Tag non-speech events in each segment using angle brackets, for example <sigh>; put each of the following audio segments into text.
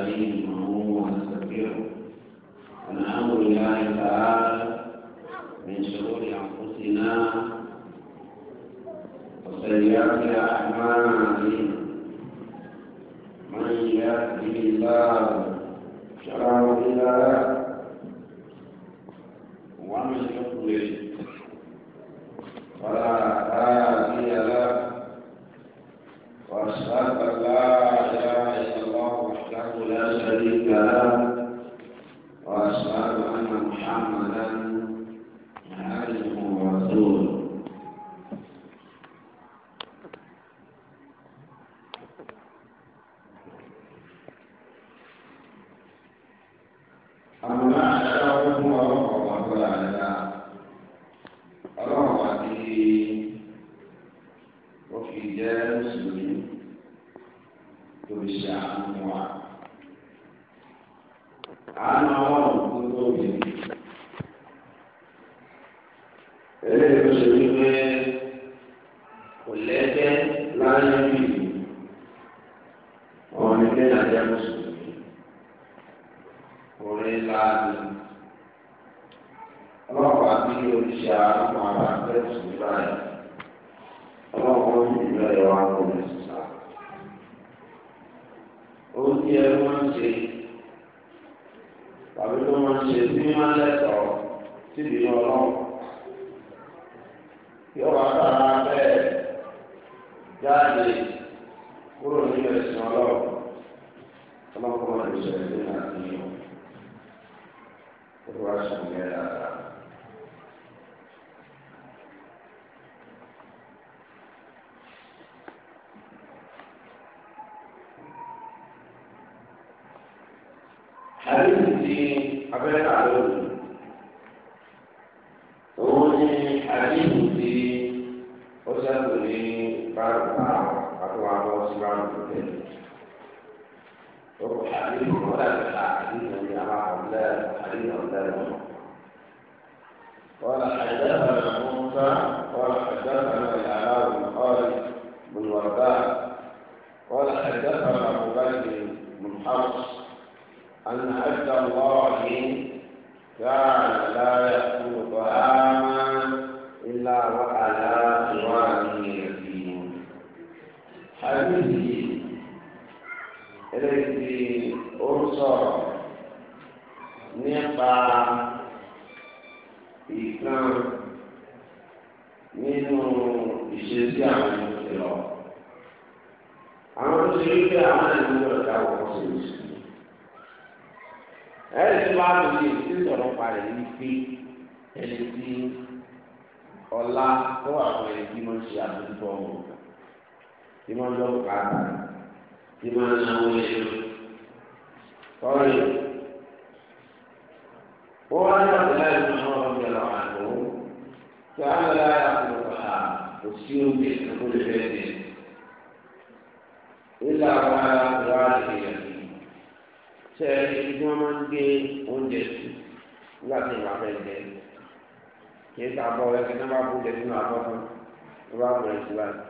ونستعينه ونستغفره ونعوذ بالله تعالى من شرور انفسنا وسيئات اعمالنا من يهده الله فلا مضل له ومن يضلل فلا هادي له واشهد ان لا السلام síbi lọ́nà yóò máa sára bẹ́ẹ̀ jáde kúrò nínú ẹ̀sìn ọlọ́run ọlọ́kùnrin ọ̀sẹ̀ ìdílé àti ìyọ̀ olùwàsàn yẹn dáadáa. سبحانه وتعالى فتوعد سبحانه وتعالى روح حديث ولا حديث من أمام الله حديث الله قال حدثنا موسى قال حدثنا العلاء خالد بن وردان قال حدثنا مبلغ بن حفص أن عبد الله كان لا يأكل طعاما إلا وعلى àbíyí eléyìí ó ń sọ̀rọ̀ nípa ìkan nínú ìṣesí àwọn ìṣẹ̀lẹ̀ àwọn tó ṣe wípé àwọn ìlú ọ̀dà wọ̀ sí ìṣẹ̀lẹ̀ ẹ̀rí tí wàá lò ní ìdí sọ̀rọ̀ parẹ̀ yìí pé ẹni tí ọlá tó wà fún ẹni tí wọ́n ṣe àbójútó ọ̀hún tí wọ́n lọ pa tí wọ́n na wọ́n yẹn tọ́lẹ̀ ó wá ní àbúlá ìlú àwọn ọmọdé lọ àná tí wọ́n lọ láyà fún un pa kò sí omi ìtàkùn lè fẹ́ dé ilé àwọn ará ìlú àlè yẹn tẹ ibi tí wọn máa ń gbé oúnjẹ sí nígbà tí ìwà fẹẹ kí ẹ sábọ ẹ kí ẹ náà bá oúnjẹ sínú àbọ fún ẹ bá bọ ẹ sí báyìí.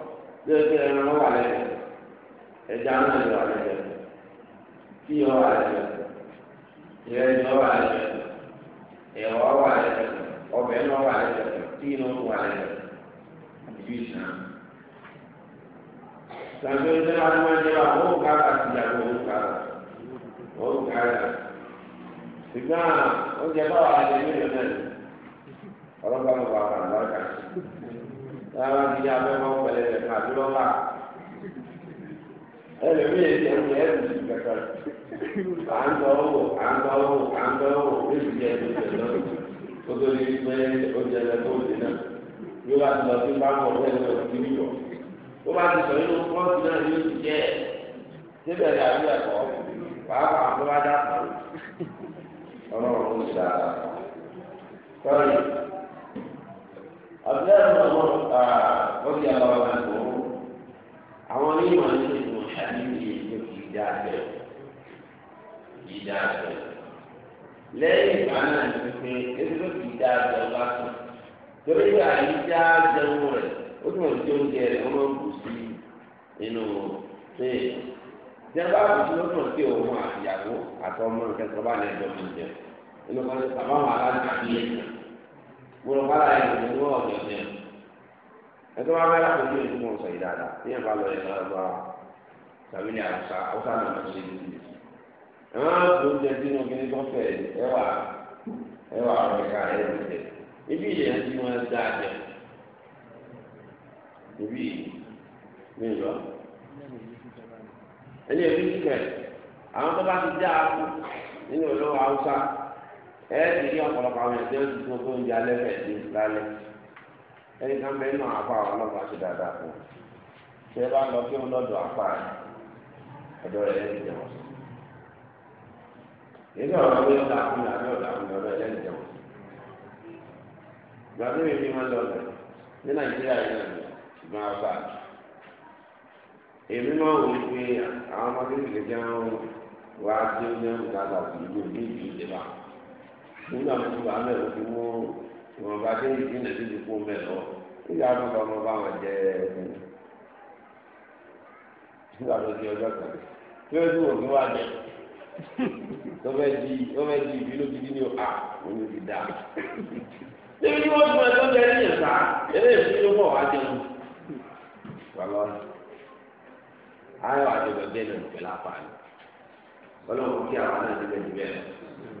bí o ti rẹ ẹran wà lẹ́yìn ẹja náà yọ wà lẹ́yìn tí yọ wà lẹ́yìn ìrẹ yọ wà lẹ́yìn ẹwà wà lẹ́yìn ọbẹ̀ náà wà lẹ́yìn tí inú wà lẹ́yìn ìlú ìsìn náà. Santo ìdílé wa ni wọ́n ń jẹ́ wa, ó ń kára àti ìyàwó ó ń kára, ó ń kára. Ṣùgbọ́n oúnjẹ báwa la ṣe ní ìlú náà, ọlọ́pàá ló wà kàrà lọ́kàtí rárá bí abẹ́wọ́ pẹlẹbẹ kan àbí lọ́pà ẹlẹ́mìí ẹ̀jẹ̀ ń yẹ ẹ̀rù sí kẹkẹ à ń lọ wò à ń lọ wò à ń lọ wò lóṣù yẹ lóṣù lọ o tó lè gbé oúnjẹ lẹ tó lè náà yóò bá ti lọ sí báwọn ọ̀rẹ́ rẹ lọ sí wíwọ̀ ó bá ti sọ nínú pọ́ǹtì náà yóò ti jẹ́ síbẹ̀ ní àbí ẹ̀kọ́ pàápàá tó bá dà pọ̀ ọlọ́run ń ṣe àlà abdulayi ọmọ ọdún yàrá wà lọ àwọn onímọ̀ ní ìlú ṣàlìyé ló kì í dá abẹ́ kì í dá abẹ́ lẹ́yìn ìgbà náà ní pé ebi ló kì í dá abẹ́ lásán torí pé àyè dá abẹ́ wọn rẹ̀ ó tún wọ́n ti oúnjẹ rẹ̀ wọ́n máa ń bù sí inú tóyè jẹba àbùsí ló tún pé òun àtìyàwó àtọmọ nǹkan tó bá lẹ́jọ́ mi jẹ inú kan ní bàbá wọn aláǹtà bí ẹ̀jẹ̀ gbọ́dọ̀ bá láyé lòdì ní wọn ọjọ́ ní ẹ̀tọ́ bá bẹ́ẹ̀ lápò lóyún fún ọsàn yìí dáadáa ní ẹ̀fà lọ yẹn lọ bá tàbí ní àwùsá àwùsá náà máa ń ṣe lóyún ẹ máa ń tó jẹ sínú kíní tó fẹ́ ẹwà ẹwà ọ̀rẹ́ka ẹwà ìjẹ ibi ìyẹn tí wọn dá jẹ ibi mi lọ ẹni ẹbí kíkẹ àwọn tó bá ti dá a kú nínú olówó àwùsá. ẹ̀ẹ́dì ní ọ̀pọ̀lọpọ̀ àwọn ẹ̀sìn ọ̀sìn tó tó ń jẹ fẹ̀ ní lálẹ́ ẹni kan bẹ́ẹ̀ náà àpá àwọn ọlọ́pàá ṣe dáadáa fún un ṣe bá lọ kí wọn lọ́dọ̀ àpá ọ̀dọ́ rẹ̀ jẹun ọ̀dà fún yàrá ọ̀dà fún yàrá jẹun nígbà wọn ti wà o mẹ́rin fi mú ìwọ̀nba dé ìdí náà ti dìbò mẹ́rin lọ nígbà wọn bá wọn bá wọn jẹ ẹ̀ẹ́dẹ́gbẹ̀rún nígbà tó di ọjọ́ kan tí ó dùn òní wà jẹ tó fẹ́ di tó fẹ́ di ìbí lóbi o à wọn ló ti dá níbi tí wọ́n ti máa tó jẹ ẹ̀yìn sá eléyìí fi ló bọ̀ wá jẹun wàlọ́ ayọ̀ àjọyọ̀ bẹ́ẹ̀ lọ́nà pẹ̀lú àpáyé ọlọ́run kí àwọn náà ti bẹ́ẹ̀ ti bẹ́ẹ̀ lọ.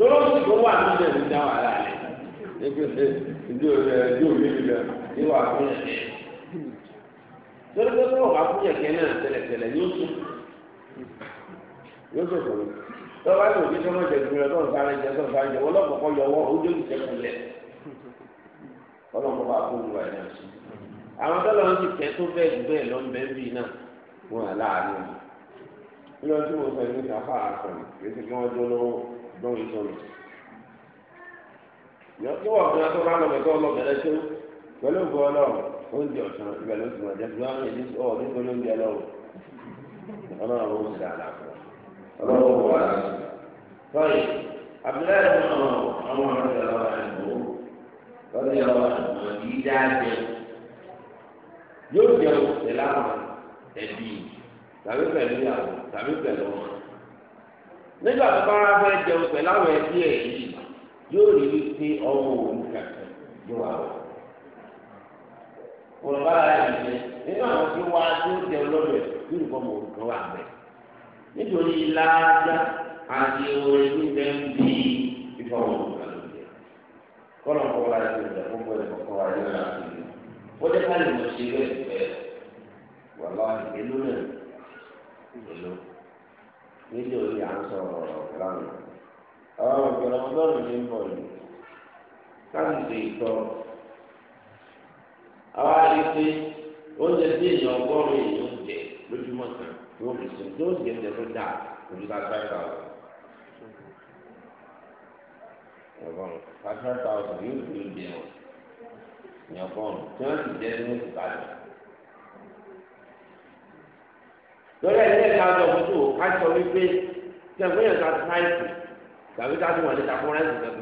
lọ́wọ́ sì kó wà nílẹ̀ ní dá wà láàyè ìdí òde ìdí òde ìlú ní wà fún yẹn lórí pé wà fún yẹn kẹ́ náà tẹ̀lẹ̀tẹ̀lẹ̀ yóò sùn yóò sùn sọ̀rọ̀ tọ́wọ́ àti òbí tó ń jẹ ìgbìmọ̀ tó ń sáré jẹ tó ń sáré jẹ wọ́n lọ́kọ̀ọ́kọ́ yọ wọ́n ó dé ìjẹkùn lẹ̀ ọlọ́mọ bá kó lu ẹ̀ àwọn tó lọ́n ti tẹ́ tó bẹ́ẹ̀ jù bẹ́ẹ̀ lọ́n bẹ́ẹ̀ bí náà wọn àlá àná ní ọdún mo sọ báwo ló sọ̀rọ̀ yọ̀wọ̀ fún ẹtọ́ bá lọ́mọ ẹ̀kọ́ ọlọ́mọdé tó pẹ̀lú ògùn ọlọ́run oúnjẹ ọ̀sán ibẹ̀ ló ti mọ̀ jẹ́ fún wọn ní ọ̀ nígbà lóúnjẹ lọ́wọ́ ọlọ́run ó sì dáadáa fún ọlọ́run ó wà á sọ́yìn abdullahi ọmọ ọmọ ọ̀rẹ́ ọ̀rẹ́ àgbò lọ́dún yọ̀wọ̀ àgbò yìí dáa jẹ yóò jẹun pẹ̀lú àwọn ẹbí tàbí pẹ̀lú àwọn tàbí pẹ̀lú ọmọ nígbà tó bá wá fẹ́ jẹun pẹ̀lú àwọn ẹbí ẹ̀ yìí yóò rí i pé ọmọ òun kàkẹ́ yóò wà wọ́n. Olùbá rẹ̀ yìí nínú àwọn tí wá tó jẹun lọ́dọ̀ ẹ̀ yóò kọ́ ọmọ òun kan wà bẹ́ẹ̀. Nítorí láàdá àti orin ní bẹ́ẹ̀ ń bí ìfọwọ́ òun kan ló jẹ. Kọ́lọ̀ kọ́ wa yóò jẹ fún bọ́ọ̀lù kọ́kọ́ wa yóò rà sí i. Ó dé ká lè mọ̀ ṣe bẹ́ẹ̀ bẹ́ẹ̀. Wàlá nílé òye à ń sọ̀rọ̀ lánàá àwọn ọ̀gbẹ̀rẹ̀ ọlọ́run ní bọ̀ yìí láti ṣe ìtọ́ àwọn àdìsí oúnjẹ tí èèyàn ọgọ́rùn èèyàn jẹ lójúmọ́ kan tí wọ́n fi sùn tí ó jẹ oúnjẹ tó dáa ojú ká five thousand ọgọ́rùn five thousand yóò fi oúnjẹ wọn ní ọgọ́rùn tí wọ́n sì jẹ́ ní oṣù bàjẹ́. lórí ẹni ẹ̀ka ọjọ́ òkútù ká sọ wípé tí ẹ̀kọ́ yẹn ká táìsì tàbí ká tún wà ní takúrẹ́sì kankan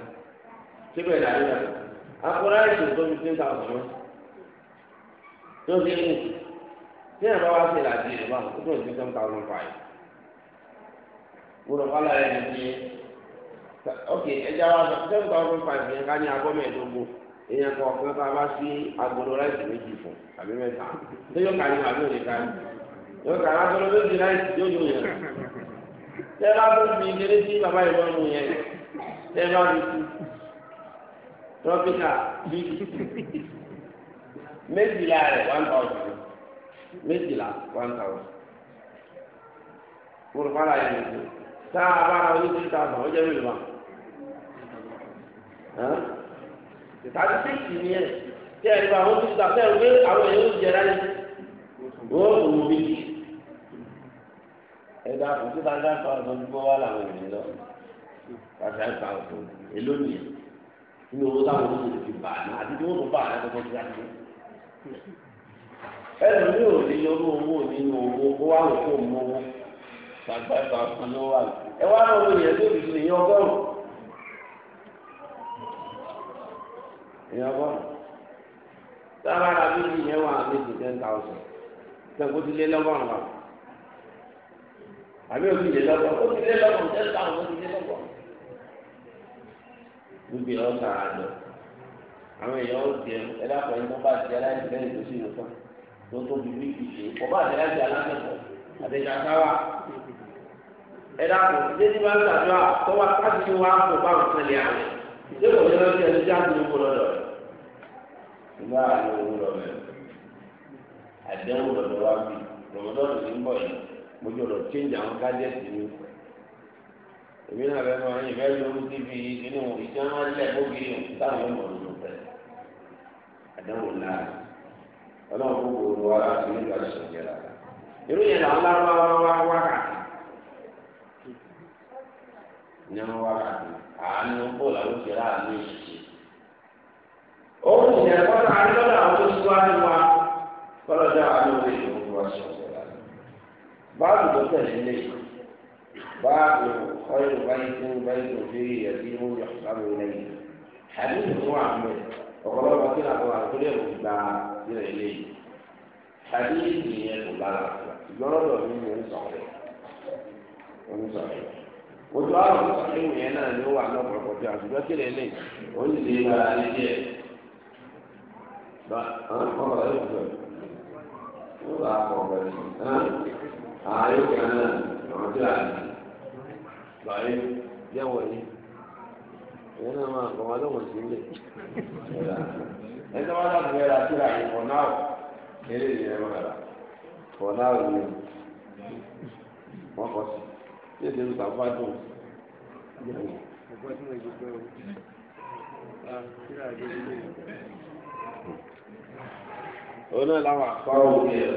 síbẹ̀ ìdàrí rẹ̀ akúrẹ́sì tó fi ṣe ń ta ọ̀sán tó fi ń tí ẹ̀ bá wá sí ìlàjì ìlú bá ó tó ń ṣe ten thousand five wúlò kọ́lá rẹ̀ ní ti ok ẹja wa sọ ten thousand five yẹn ká ní agbọ́mẹ̀ẹ́dógún èèyàn kọ̀ọ̀kan yóò kà á tọ́lọ́ lójú láìsí yóò yóò yẹn tẹ́ bá tó fi kéré sí bàbá ìwọ mu yẹn tẹ́ bá mi tu tọ́píkà bí méjìlá rẹ̀ one thousand méjìlá one thousand kúrúfàlà yẹn ló tó tá a bá ra oní three thousand ó jẹ́ mélòó ma tàbí sèkì ni ẹ tẹ́ ẹ bá wọn three thousand tẹ́ ẹ àwọn èèyàn ó jẹ láyé wọ́n kò mú bí ẹ̀dá kò tí tàǹtà tó àwọn olùkọ́ wà láwọn ènìyàn lọ tàǹtà tó àwọn tó èló nìyẹn nínú owó táwọn olùkọ́ ti bà á àti tí wọ́n tó bà á lọ́kọ́ tó yàtọ̀ ẹnu ní òní lórí owó nínú owó kó wà wò kó mú owó tàǹtà tó àwọn ló wà ẹ wá lọ́wọ́ yẹn tó fi ṣe ìyẹn ọgọ́rùn ìyẹn ọgọ́rùn sábà rà bí ìyẹn wà ní ten thousand tẹ̀kọ́ ti lé lọ́gọ́rùn-ún àbí òbí lè lọ́gbọ̀n ó ti lé lọ́gbọ̀n tẹ́lẹ̀ táwọn ó ti lé lọ́gbọ̀n. níbi ọ̀sán àjọ àwọn èèyàn ó jẹ ẹlẹ́kọ̀ọ́ yìí wọ́n bá ti aláìsí lẹ́yìn tó sì ń fún tó tó bí wíìkì ṣe ọba àti aláìsí alámẹ́kọ̀ọ́ àtẹ̀jà káwá ẹlẹ́kọ̀ọ́ dédé bá ń tàjọ́ àtọ́wá káàkiri wa kò bá ń tẹ̀lé àwẹ̀ ìdébò yẹn lọ́sí ẹni tí a ti lówó lọ́dọ̀ rẹ̀ ìgbà àlọ́ owó lọ́dọ̀ rẹ̀ àdéhùn lọ́dọ̀ wa bí rọ̀mọdọ́ọ̀dù ti ń bọ̀ yìí. mo jọ change àwọn gadgets mi èmi náà bẹ máa yìn bẹ́ẹ̀ lóru tv nínú ìjà máa lẹ bógiri táwọn yóò mọ nínú àdánwò náà Ọlọ́run kò wa láti irú yẹn làwọn wá ní wọn àánú àánú yẹn kọ́ta àánú lọ́dọ̀ àwọn tó wa kọ́lọ́dọ̀ báàbù tó tẹ̀lé lé báàbù ọyọ báyìí tó báyìí tó fi ẹbí mú yọ sábà lẹ́yìn àdéhùn tó gba ilẹ̀ lé àdéhùn yẹn kò lára ìgbọ́nrọ́dọ̀ mi ni ó ń ba ààrẹ kan náà àwọn tí a lè báyìí yẹ̀wò yìí ìyẹn náà máa kọ́ wọn lọ́wọ́ sí ilé ẹ tí wọ́n láti bẹ̀rẹ̀ àti àyè for now eré ìyẹn wọn rà for now ni wọ́n kọ́ sí yóò dé nípa gbádùn òun náà làwọn àpá òun yẹn.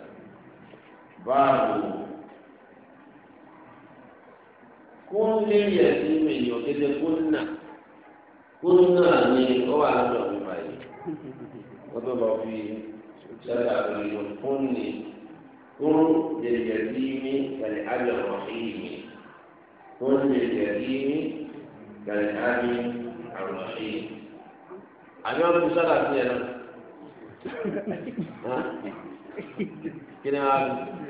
báàbò kúnlé yẹ sí mi yọ kété kúnnà kúnnà ni ó wà lọ́dọ̀ mi báyìí wọ́n tó lọ fi sẹ́dá ìlú kúnni kún lè yẹ sí mi kẹlẹ̀ ájọ ọ̀hìn mi kún lè yẹ sí mi kẹlẹ̀ ájọ ọ̀hìn àbí wọ́n fi sọ́dà sí ẹ̀ náà <laughs> kí ni wọ́n á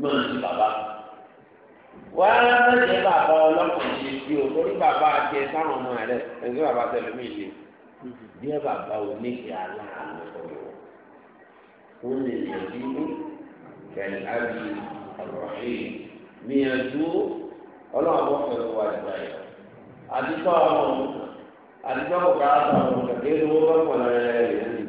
gbọ́dọ̀ ti bàbá. wá mẹ́jẹ bàbá ọlọ́kùnrin ṣe sí o torí bàbá àti ẹ sáwọn ọmọ rẹ ẹgbẹ́ bàbá tẹ̀lé mi ṣe. díẹ̀ bàbá ò ní kí aláàánú sọ̀rọ̀ ó lè lè bí kẹ̀lé àbí ọ̀rọ̀ yìí gbìyànjú ọlọ́run bọ́ fẹ́ wá ìgbà yẹn. àdìsọ́ ọmọ àdìsọ́ kò ká ọmọ kẹ̀kẹ́ ló wọ́n pọ̀ lọ́rẹ́ rẹ̀ lẹ́yìn.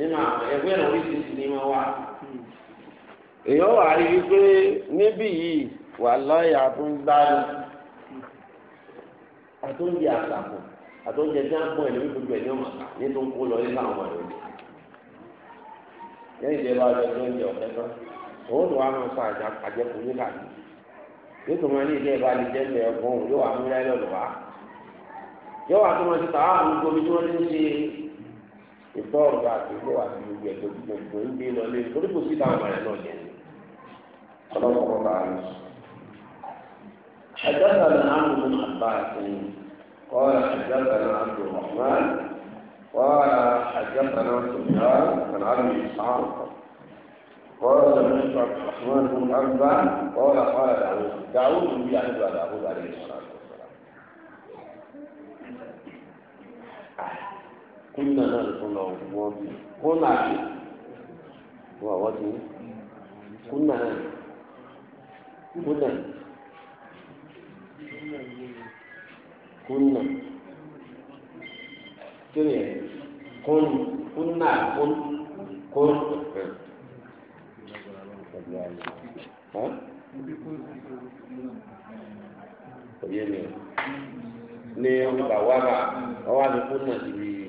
nínú ẹgbẹ́ ìrìn oríṣiríṣi ní ma wà. Hmm. èèyàn wà rí i níbí yìí wà lọ́ọ̀yà àtúndì àtàkùn àtúndì ẹ̀ gbogbo ní tó ń kó lọ nípa àwọn wa jọ lóúnjẹ ọ̀fẹ́ tán òun tó wà máa sọ àjẹkù ní kàdé yóò tó ní ilé ìbá lè jẹ́lẹ̀ ẹ̀gbọ́n yóò lọ́dọ̀ wá yóò tó ti ìfọ̀rọ̀ bá ti mú àti gbogbo ẹ̀tọ́ gbogbo ń gbé lọlé torí kò sí táwọn ọmọ rẹ̀ náà jẹ́ ọlọ́kọ̀ọ́ bá rẹ̀ sùn. حدثنا عمرو بن عباس قال حدثنا عبد الرحمن قال حدثنا سفيان عن عبد اسحاق قال سمعت عبد الرحمن بن عبد قال قال داوود داوود بن يعقوب داوود عليه الصلاه والسلام kíndà náà ló lọ wọ́n bí kúnà bí wọ́n wọ́n ti kúnà náà kúnà kúnà kíni kun, kún kúnà kún kún. Oye mi, ní ọgbà wàrà, ọwọ́ àti kúnà ti bí.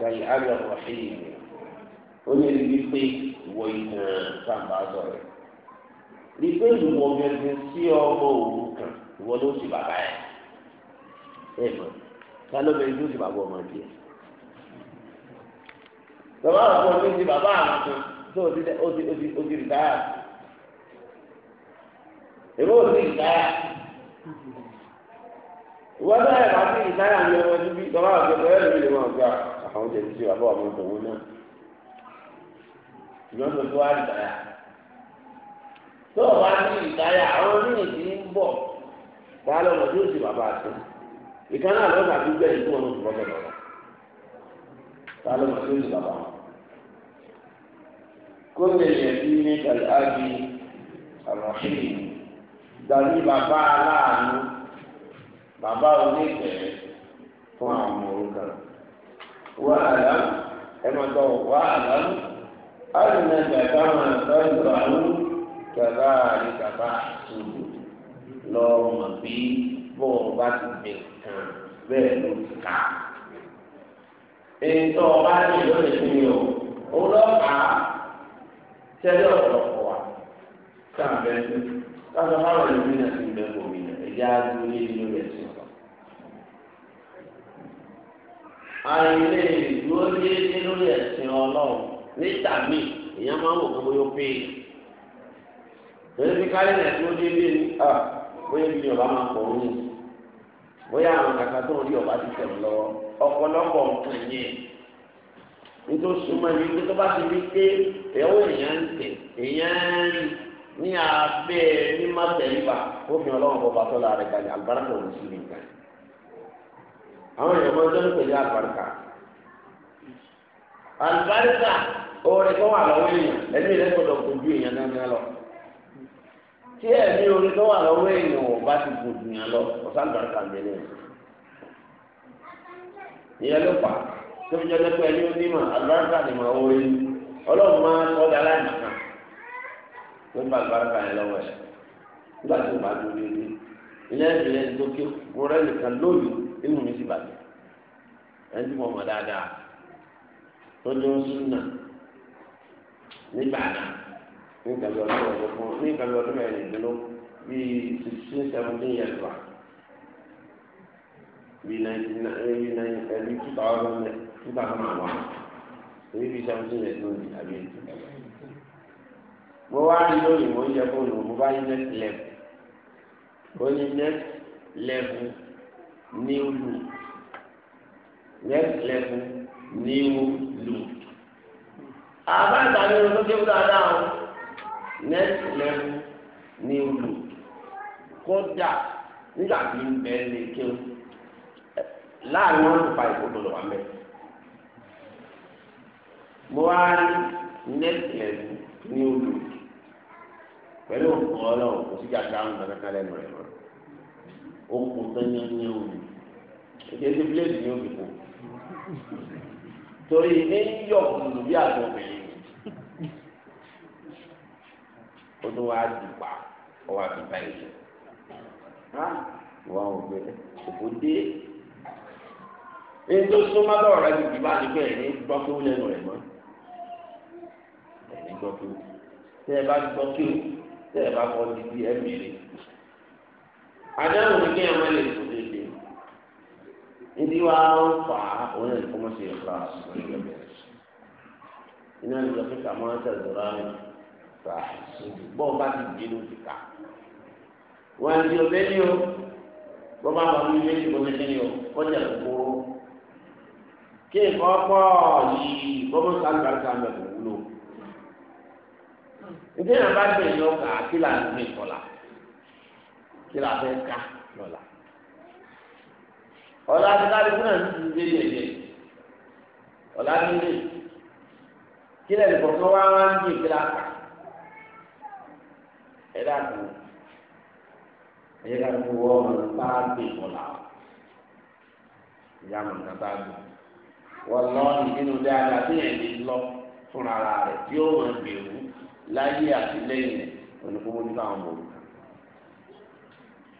sàlìhàmì ọ̀rọ̀hìn ó ní ẹni wípé ìwọ ìtàn sábà sọ̀rọ̀ ní pé ìwọ gẹ́gẹ́ sí ọmọ òru kan ìwọ ló sì bàbá ẹ̀ ẹ̀ mọ̀ ká ló bẹ̀rẹ̀ ló sì ọmọ díẹ̀ bàbá àwọn ọmọ mi ti bàbá o ti o ti o ti o ti rìtáyà èmi ò ẹ̀ bá ti rìtáyà ní ọmọ ẹni bí àwọn oúnjẹ títí wà bọ́ ọmọ òdòwó náà ìyọ́n tó tó wá tó o bá ní ìdáyà àwọn oníyìn tí ń bọ̀ wà lọ́nà bàbá àti ìkan náà wọn lọ bàbá wọn. dàbí bàbá aláàánú bàbá fún àwọn ọmọ orúkọ واعلم كما تقول واعلم أنك كما تزرع كذلك تحصد لو ما في بوبات بكان بلوكا ètò ọba ní ìlú ìsinmi o ọlọ́pàá tẹ́lẹ̀ ọ̀pọ̀lọpọ̀ wa sáà bẹ́ẹ̀ tó káṣọ fáwọn àìlè ìdúró déédéé lórí ẹ̀sìn ọlọ́run níta mi èèyàn máa ń wò gbogbo yóò pé lórí bí káyọ̀ náà déédéé bóyá ọba máa pọ̀ ní bóyá àwọn kàkà tó ń rí ọba ti tẹ̀ ọ̀pọ̀lọpọ̀ nǹkan yẹn tó bá ti rí pé èèyàn ń tẹ̀ èèyàn ní ó fi ọlọ́run àwọn èèyàn máa ń dánwó pẹ̀lú àbáríkà àbáríkà orin kan wà lọ́wọ́ èèyàn ẹ̀mí rẹ̀ gbọ́dọ̀ kojú èèyàn dáadáa lọ tí ẹ̀mí orin kan wà lọ́wọ́ èèyàn ò bá ti kojú èèyàn lọ ọ̀sán àbáríkà ń bẹ ní ẹ̀ ìyẹn ló fà tó fi jẹ́ pé ẹni onímọ̀ àbáríkà ni màá orin ọlọ́run máa ń kọ́ dára nìkan tó ń bá àbáríkà yẹn lọ́wọ́ ẹ̀ nígbà tó bá dúró ní ilé ìbílẹ̀ ìdókè mo rẹ́ nìkan inú mi sì bàjẹ́ ẹni tí mo mọ̀ dáadáa tó ló ń súnà nígbà náà ní ìkàlẹ̀ ọdún ẹ̀rọ fún ní ìkàlẹ̀ ọdún ẹ̀rọ ìdúró bíi sixteen seventeen years back bíi nineteen bíi nineteen ẹ̀rí eh, two thousand two thousand and one èyí bíi seventeen years lónìí àbí ètò mo wá rí lónìí mo ń jẹ fóònù mo bá yí next level ó ní next level. new loop next level new loop àbá ìtàgé ló tó kéwù dáadáa next level new loop kódà nígbà tí ń bẹ lè kéwù láàrin wọn fa ìkótó lọ wà mẹ mo wá rí next level new pẹ̀lú ọ̀pọ̀ ọlọ́run kò sí jàdá okùn tó o èdè tí bíléèdì ni ó fi kù torí ní yọ kùnú bí àtọkùnrin ó tún wá dùpà ó wá fi bá ìṣe wọn ò gbé òkú dé ní tó súnmọ́ lọ́rọ̀ rẹ jù bá ní pé ẹ̀rín gbọ́ kí ó lẹ́nu rẹ̀ mọ́ ẹ̀rín gbọ́ kí ó tẹ́ ẹ bá gbọ́ kí ó tẹ́ ẹ bá kọ́ di bí ẹ mìíràn àdáhùn ní kéèyàn má lè sọ déédéé níbi wá ń fà á òun náà kọ́ mọ́ sí ẹ̀fọ́ àṣìṣe iná ìjọ fífà máa ń tẹ̀síra rẹ̀ fà síbi bọ́ọ̀ bá ti di inú ti kà wọ́n ti ọbẹ̀ ní o bọ́ bá wà ní méjì bọ́ méjì ní o kọjá kúkúrú kí nǹkan pọ̀ yìí bọ́ bọ́ sàgbàgbà mẹ́rin wúlò. ìdí bá gbẹ̀yìn ọkà kí là ń ìkọlà kí la fẹ́ ká lọ́la ọ̀la ti ká lóko náà ti ti lé lẹ̀ ọ̀la ti lé kí lẹ̀ lè kọ̀ọ̀kan wá wá ń dì kí la ká ẹ dàgbọ́ ẹ yẹ ká ló wọ́ ọmọ bá gbé ìmọ̀lá ìyá mọ̀ nǹkan bá gbé wọ́n lọ́ nínú dáadáa tí yẹn lè lọ fúnra rẹ̀ tí ó mọ̀ gbèrú láyé àtìlẹ́yìn rẹ̀ oníkóbó nípa àwọn ọmọ òru.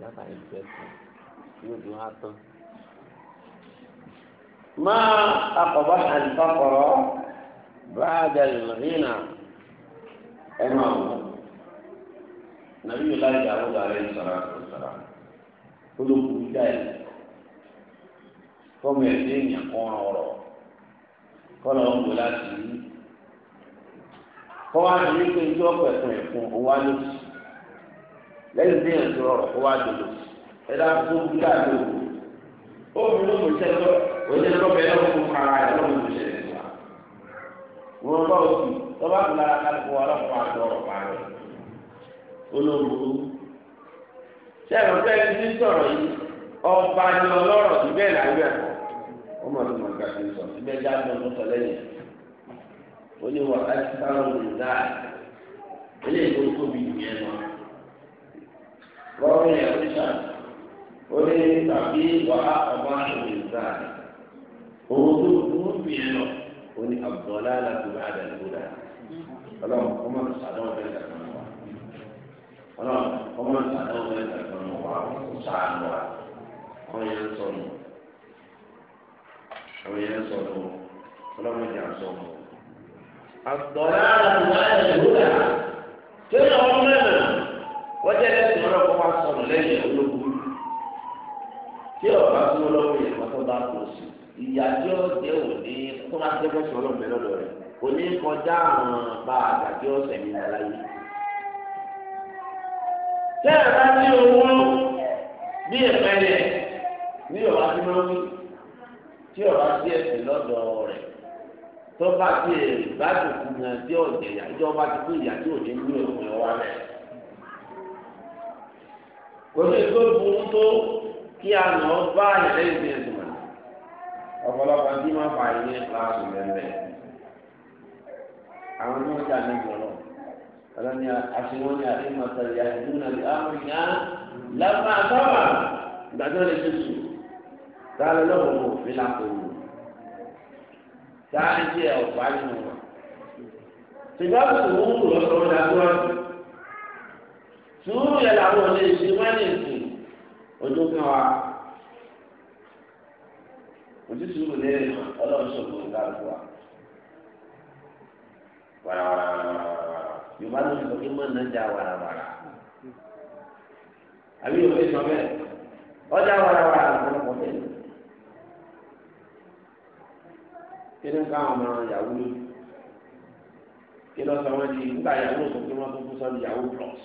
látà na yóò dùn tán. máa akọ̀bá àǹtọ́kọ̀rọ̀ bá dàlùmọ́rìnà ẹ̀ máa wọ̀ nàbí yóò láti àwọn ọ̀dàrẹ́ sọ̀rọ̀ àtọ̀sọ̀rọ̀ olókùn jáì fọ́ọ̀mù ẹ̀dẹ́ èèyàn kan ọ̀rọ̀ wò láti ní lẹ́yìn tí yẹn sọ̀rọ̀ kó wá dòdò ẹ tó a dáadé o ó fi ló kò sẹ́lẹ̀ ó ní lọ́bẹ̀ fún ara ẹ̀ lọ́wọ́ kò sẹ́lẹ̀ fún wọn bá o sì lọ́ba tó lára ká lọ́wọ́ ọlọ́pàá àti ọ̀rọ̀ pa rẹ̀ olóòwò. sẹ́yìn ọ̀fẹ́ ní sọ̀rọ̀ yìí ọba ni ọlọ́rọ̀ síbẹ̀ mọ̀ mọ̀ ká ti síbẹ̀ já lọ sọ lẹ́yìn rọ́ọ̀rì ẹ̀ríṣàn ó lé tàbí wàhá ọba ìrìnsà òun tó burú bì í lọ ó ní àbùdọ́lá láti bá àdàlù gbódà ọlọ́run kọ́ máa sàdánwó bẹ́ẹ̀ dàgbọ́n wa ọlọ́run kọ́ máa sàdánwó bẹ́ẹ̀ dàgbọ́n wa kò sàánú wa kọ́ yẹn ń sọnù àwọn yẹn ń sọnù ọlọ́run ìjà ń sọnù. àbùdọ́lá láti bá àdàlù gbódà kéèyàn ọmọ mẹ́rin wọ́n jẹ́ lẹ́sìn wọn lọ́kọ́ wá sọnù lẹ́yìn ológun tí ọba tó lọ́wọ́ yẹn wọ́n tó bá kó sí ìyá tí ó jẹ́ òní kúrá tẹ́gbẹ́sì ọlọ́mọbẹ lọ́dọ̀ rẹ̀ òní kọjá àwọn bá àgbàdì ọ̀sẹ̀ mi láláyé. tẹ́ ẹ bá ní owó bí ẹ̀fẹ́ yẹ ní ọba tí wọ́n wí tí ọba sí ẹ̀sìn lọ́dọ̀ rẹ̀ tó bá tiẹ̀ gbádùn kùnà tí ọ̀jẹ̀yà ìjọba ti fún ìyá òní ń kò sí tó burú tó kí a nà ọ bá ìlẹ́ ìdí ìdùnnà ọ̀pọ̀lọpọ̀ tí máa fà yín ní kíláàsì lẹ́lẹ̀ àwọn tó ń jà ní ìgbọ̀lọ́ ọlọ́ni àṣìwọ́n ní àdéhùn àtàlẹ́ àdéhùn àti àwọn ìyá lábá àtàwà ìgbàjọ́ lè tó sùn táwọn ọlọ́wọ́ mọ̀ òfin lápòwò táwọn ẹ̀jẹ̀ ọ̀pá nínú wọn ṣùgbọ́n kò tó ń lọ sọ́wọ́n dáadọ́rọ́ sùúrù yẹn làwọn ò lè ṣe wọ́n lè sùn ojú kan wa ojú sùúrù lè ọlọ́run sọ̀rọ̀ nígbà tó wa wàràwàrà yorùbá ló ń sọ pé àbí yorùbá sọ bẹ́ẹ̀ ọjà wàràwàrà lọ́pọ̀ bẹ́ẹ̀ kí ni káwọn ọmọ kí wọn di nígbà tó kú di plus.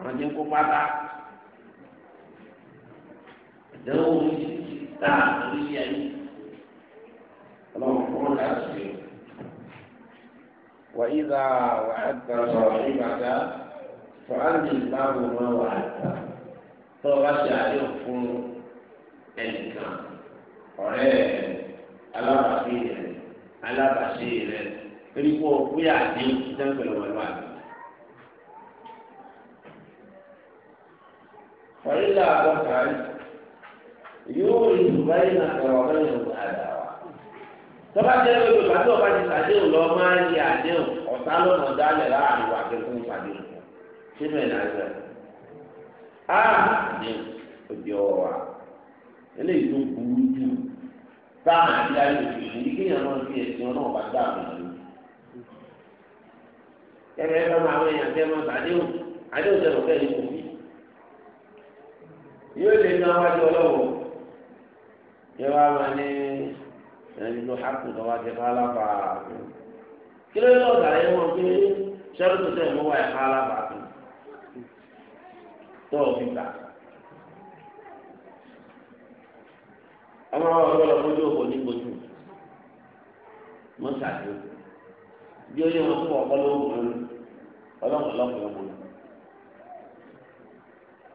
àwọn jẹ́ kó pátá ìdánwò oríṣiríṣi táà lórí ayé ọlọ́run fún wọn láti ṣe. وإذا وعدت صاحبك فأنت الله ما وعدت فغشى يغفر إنك ọ̀rẹ́ alábàṣe rẹ̀ alábàṣe rẹ̀ torí kó o kúyà ní ìdánwò ìwọ̀n àgbà. فإلا تفعل يورث بينك وبينه العداوة tọ́ba jẹ́ pé bàbá tí ọba ti ṣàdéhùn lọ máa ń yẹ àdéhùn ọ̀tá lọ́nà dálẹ̀ láàrin wa akẹ́kọ̀ọ́ ìpàdéhùn ṣé bẹ́ẹ̀ náà ṣe á ní òbí ọ̀rọ̀ wa eléyìí tó burú jù táwọn àti ayé òṣèlú ní kéèyàn náà fi ẹ̀sìn ọ̀nà ọ̀bá dá àwọn ìlú. kẹ́kẹ́ bá máa wọ èèyàn tẹ́ máa ṣàdéhùn àdéhùn tẹ́ lọ́kẹ́ ní kò fi yóò lè ní àwọn ẹjọ́ lọ́wọ́ yóò wá máa ní ẹni ló hákù tó wá ti fà lápá kí ló lọ́ọ́ gàlẹ́ wọn pé sẹ́rù tẹ̀ mọ́ fà tó o fi gbà. ọmọ fojú òkò ní gbojú bí ó yẹ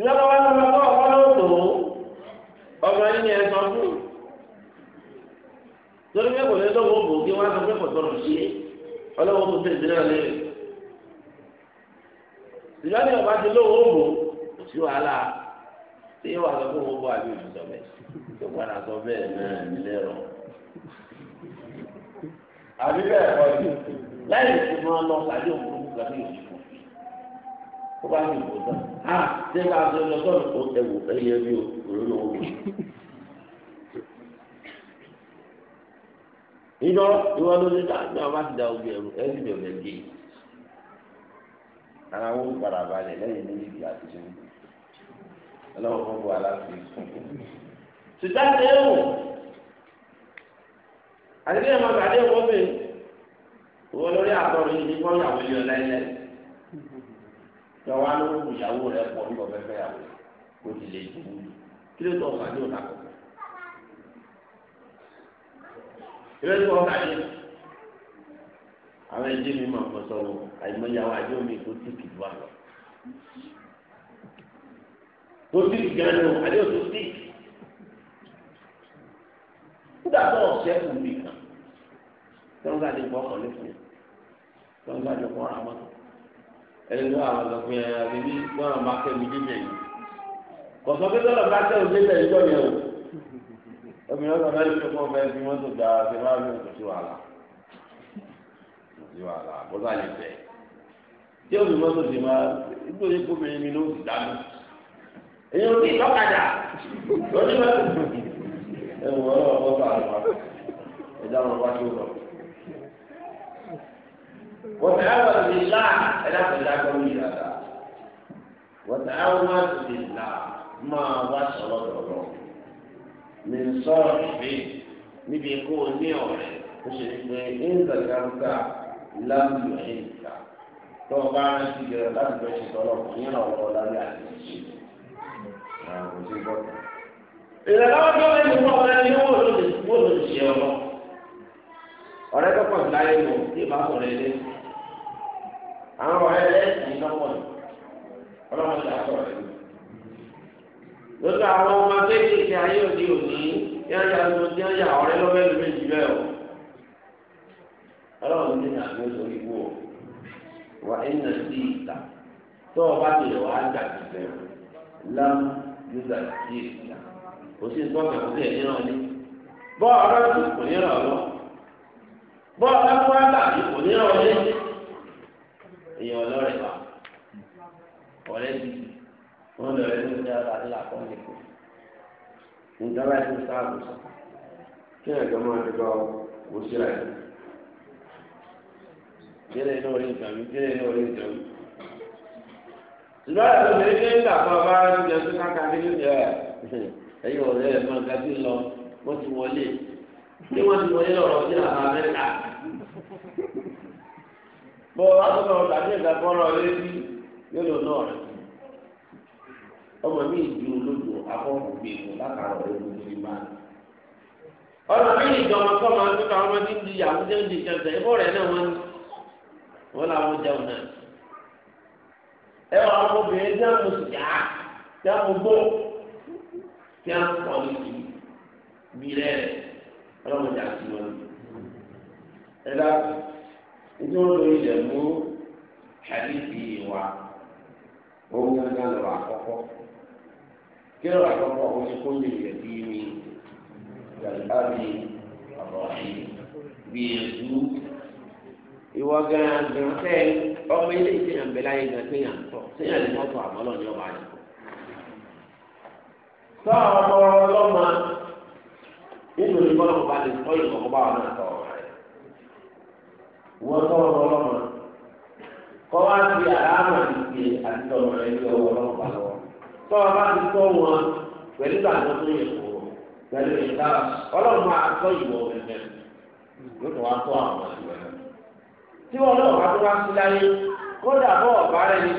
ìjọba wa ló lọ́kọ́ ọ̀kọ́ ló tó ọmọ yín ni ẹ sọ fún un torí pé kò ní lọ́wọ́ bò kí wọ́n á sọ pé kò tọrọ sí ọlọ́wọ́ tó tẹ̀sí náà lé ìjọba ni ọba ti lọ́wọ́ bò kò sí wàhálà tí yóò wà sọ fún owó bò àbí òṣìṣọ́ bẹ́ẹ̀ tó padà sọ bẹ́ẹ̀ náà nílẹ̀ rọ̀ àbí bẹ́ẹ̀ kọ́ ni láì lè fi máa lọ sàdé òkú kàbí òṣìṣọ́ tó bá ní ìbò tán a ṣé ká ṣe lọ sọ́nù kó ẹwù ẹyẹ bí o òun ló wù. iná ìwọ ló ní dáa ní àwọn bá ti da ojú ẹrù ẹbí mi ò lè gé ara wọn padà balẹ̀ lẹ́yìn ní ìdí àti ṣe ọlọ́run fún wa láti sùn. ṣùgbọ́n ṣe é wò àti bí ẹ̀ máa gbàdé wọ́n ìwọ lórí àtọ̀rọ̀ yìí ní kọ́ ìyàwó ilé ọ̀la ilẹ̀ tọ́wá ló ìyàwó rẹ̀ pọ̀ nígbà fẹ́fẹ́ yàwó kó ti lè dùn ún kí ló tó ọ̀gá ní òun àkọ́kọ́. ìwé tó ọ̀gá ní àwọn ẹjẹ́ mi máa ń pọ̀ sọ̀rọ̀ àjọ mi tó tì kì wá lọ. tó tì kì gan ni o àjọ tó tì kì. tó ọ̀sẹ̀ kù nìkan tọ́ńgá ni gbọ́ ọ̀lẹ́fọ̀ọ́ tọ́ńgá ni gbọ́ àmọ́tò ẹni tó àwọn ọ̀dọ́fin ẹ̀ àbíbí wọn àwọn akẹ́ mi jíjẹ yìí kọ̀sọ́ pé tọ́lọ̀ bá tẹ̀ òjé tẹ̀ ìjọ yẹn o obìnrin ọ̀sán bá yẹ kó fún ọbẹ̀ bí mọ́tò gba ṣe máa ń lò sí wàhálà sí wàhálà bọ́sà lè tẹ̀ tí òbí mọ́tò ti máa nítorí kóbìnrin mi ló ti dánú èyí ò ní ìtọ́kadà lọ́dún mẹ́tò ẹ̀wọ̀n ọ̀rọ̀ bọ́sà àlùmọ́ ẹ̀dá ọ̀rọ̀ wájú ọ̀rọ̀. wọ̀tàwọn bìlá ẹ̀dá bìlá gbọ́dọ̀ yìí dada wọ̀tàwọn bìlá máa wá sọ̀rọ̀ dọ̀rọ̀ mi sọ̀rọ̀ ìfẹ́ níbi kó o ní ọ̀rẹ́ o ṣe pé ẹ̀ńdàgàmùkà lábùlù ẹ̀ńdà tó o bá rán àwọn ọ̀rẹ́ lẹ́sìn lọ́pọ̀ ni ọlọ́run ti àtọ̀ rẹ̀ lóṣù àwọn ọmọ akéèké ayé òde òní tí wọ́n ya ọ̀rẹ́ lọ́wọ́ ẹ̀lú méjì bẹ́ẹ̀ o ọlọ́run ti nà ló sọ ibú o wà ẹ̀nà sí ìta tó o bá o yóò dà sí ìta ẹ̀yìn èèyàn ọlọ́rẹ̀ wa ọ̀rẹ́ bí wọ́n lọ rẹ̀ ní ìdá àti àkọ́ nìkan ìdára ẹ̀sìn sáàbù sọ kí ẹ̀jọ́ máa ti gba owó sí ra ẹ̀ jẹ́lẹ̀ náà rí nǹkan mi náà rí nǹkan mi. ìbára tó lè ní ìgbà kan bá ń jẹ káka ní ìjẹ ẹ̀yìn ọ̀rẹ́ ẹ̀ máa ga sí lọ wọ́n ti wọlé bí wọ́n ti wọlé lọ́rọ̀ sí àwọn Amẹ́ríkà. bó o bá tó lọ tàbí ìgbà kọ́rọ̀ létí yóò lò ọrụ, rẹ̀ ọmọ mi ìdí olódò akọ́kọ́ gbé ewu látara ewu lórí máa ọ̀nà mi ìjọ kọ́ máa ń tó ń di jẹ́ ń di ìjọba rẹ̀ náà wọ́n wọ́n jẹun náà ẹ wà tí mú tí mú gbó tí pọ̀ mi rẹ̀ ọlọ́mọdé àti wọn nítorí lórí ilẹ̀ mú hadithi wa òun gángan lọ́rọ̀ àkọ́kọ́ kí lọ́rọ̀ àkọ́kọ́ òun ni kó lè yẹ bí mi gàdúrà ọ̀rọ̀ yìí bí èdú ìwọ gángan fẹ́ ọmọ ilé ìsèyàn bẹ́lá yẹn gan séyàn tọ̀ séyàn lè mọ́tò àmọ́lọ́ ní ọba yìí sọ ọmọ ọlọ́mọ nínú ìbọn ọba lè kọ́ ìmọ̀ ọba ọ̀nà wọ́n tọ́ ọmọ kọ́ wá sí àhámà àti ọmọ lọ. tọ́ ọ bá ti tọ́ wọn pẹ̀lú àwọn tó yẹ kó pẹ̀lú ìta ọlọ́mọ àtọ́ ìwọ ọ̀gbẹ̀gbẹ̀ yóò wá tọ́ àwọn tí wọn náà bá tó sí láyé kódà bọ́ ọ̀bá rẹ̀ ní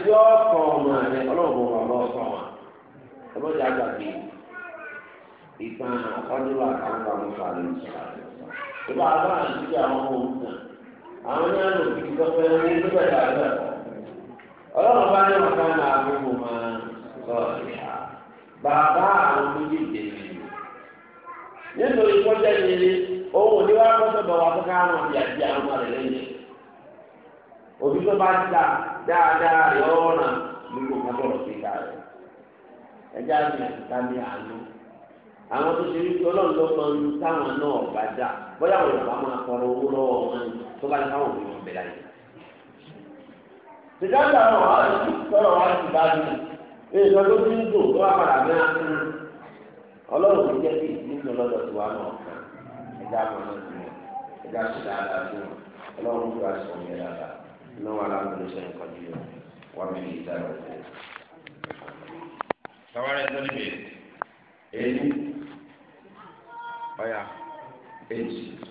bí rẹ̀ àwọn ní àná òbí tó fẹ́ ní nígbà tá a lọ. ọlọ́run bá ní ọ̀ká náà ló mú sọ ìyá bàbá àwọn méjèèjì ni nítorí kọjá nílé wá bọ̀ wá fún àti àwọn ọmọ lẹ́yìn òbí tó bá ta dáadáa sí ẹjá ní àánú àwọn tó ṣe wípé ọlọ́run táwọn náà bá bóyá tó bá ní káwọn òbí wọn bẹ̀rẹ̀ ayé. ìdájọ́ àwọn ọ̀rọ̀ àti sọ̀rọ̀ wá sí dájú èyí kan tó ti ń dùn tó wá padà bí wọn fún ọlọ́run kò jẹ́ kí ìdílé lọ́dọ̀ tó wá náà kan ẹ̀dá àwọn ọ̀nà tó wọn ẹ̀dá sì dáadáa tó wọn ọlọ́run kò wá sí ọ̀nà ẹ̀dá iná wa láwọn ọ̀nà sẹ́yìn kan jù wọ́n mi ní ìta rẹ̀ fún Tawari ẹ̀dọ́ níbi èyí ọ̀ya èyí.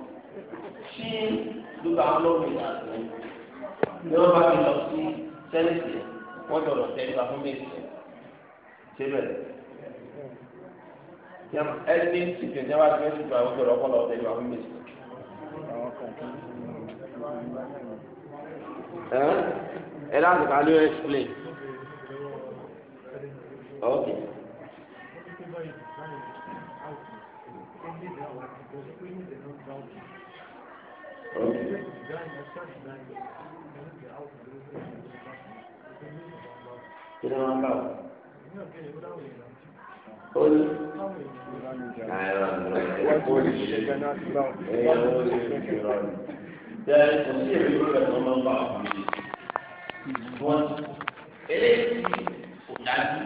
tí gbogbo àwọn ọlọ́run ìlà àgbẹ̀ ni wọ́n bá mi lọ sí sẹ́lẹ̀sì wọ́n dọ̀rọ̀ tẹ́lifà fún mi sí síbẹ̀ ẹni tí kìí jẹ́ wá sí ẹ̀sìn tó àwọn dọ̀rọ̀ kọ́lọ̀ tẹ́lifà fún mi ẹ láti ká ló explain. Okay. Okay. Kí ni wọ́n bá wọ̀? Ó ní. Àìrọ̀ nìyẹn. Ó ní ṣe bẹ́ẹ̀ náà ti bá wọ̀. Ẹ ẹ́ ó lè fi rọ̀ ní. Bẹ́ẹ̀ kò sí èmi ló rẹ̀ wọ́n máa ń bá wọ̀ níbi. Wọ́n eléyìí kò dájú.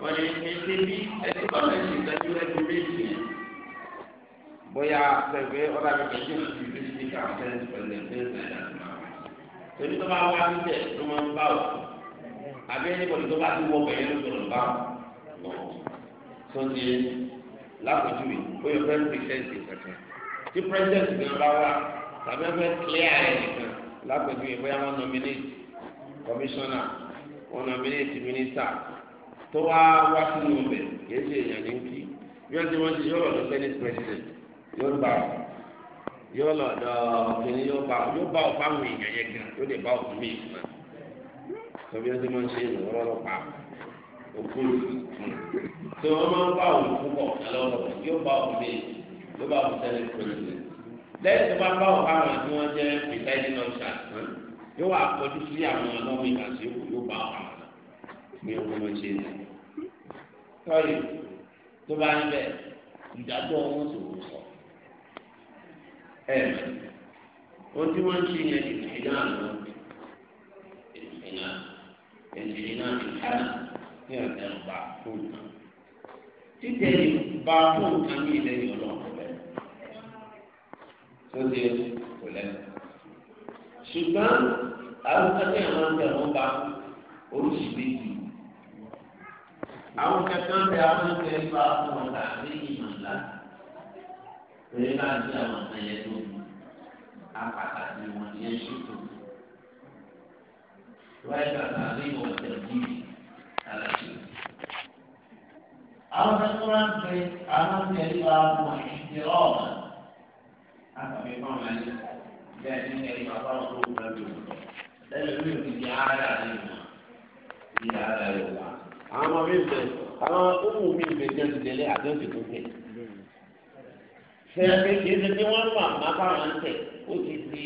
Wọ́n lè fi ṣe bí ẹtí bá wọn ṣe ìtọ́jú ẹgbẹ́ méjì yẹn bóyá sẹgbẹ ọlá mi kẹjọ ti fi ti ká fẹsẹ pẹlẹ fẹsẹ dàgbà torí tó bá wá níbẹ̀ ló máa ń bá wà àbí ẹni pọ̀lì tó bá ti wọ bẹ̀yẹ ló sọ̀rọ̀ bá wà sọ́ndé lápòjúwe bóyá fẹ́ pírẹsẹ̀ntì kankan tí pírẹsẹ̀ntì kan bá wà tàbí ẹ fẹ́ kílíà ẹ̀ nìkan lápòjúwe bóyá wọ́n nọmínétì kọmíṣánná wọ́n nọmínétì mínísítà tó wá wá sínú ọbẹ̀ kì í ṣe èèyàn ní kí bí wọ́n ti wọ́n ti yọ̀rọ̀ lọ sẹ́ni pírẹsẹ̀ntì yóò gbà ọ yóò lọ dọ kìnìún yóò bá yóò bá ọ fáwọn èèyàn yẹn gan yóò lè bá ọ fún mi ìfúnná tọ́bí ọdún máa ń ṣe ìlú rọ́rọ́ pa òkú tó wọ́n máa ń bá òun púpọ̀ lọ́wọ́ yóò bá ọ mi yóò bá ọ sẹ́lẹ̀ pẹ̀lú lẹ́yìn tó bá bá ọ fáwọn tí wọ́n jẹ́ ìtẹ́jú náà ṣà yóò wà pọ̀jù sí àwọn ọlọ́mọ ìgbàsí òkú yóò bá ọ àwọn tó bá ń bẹ̀ ìdájọ́ wọn sòwò sọ ẹ̀ wọ́n tí wọ́n ń ṣe yẹn ìdìbò náà ìdìbò náà ìdìbò náà ìdìbò náà ní ọ̀dẹ̀ ọba fún un títẹ̀ ìbá fún nǹkan ní ilé yìí ọlọ́run bẹ́ẹ̀ tó di kò ṣùgbọ́n àwọn kẹ́kẹ́ àwọn ọ̀dẹ̀ wọn bá oríṣi méjì àwọn ìmọ̀ pèlè bá ń àwọn nǹkan yẹn lóbi apàtàkì wọn yẹn ṣètò wáyé bàbá àríwọ̀ tẹ̀lé àlàyé. àwọn akẹ́kọ̀ọ́ ń pe àwọn tẹ̀lé wa mọ̀ ìdí ọ̀nà àtàwọn ẹ̀fọ́ ní ẹ̀rí bàbá wọn tó lẹ́yìn orí òkè di ara rẹ̀ di ara rẹ̀ àwọn ọmọ mi bẹ àwọn ọmọ mi bẹ jẹ́ tó tẹ́lẹ̀ kìí ṣe pé wọ́n mọ àmọ́ báwọn ń tẹ̀ ó ti di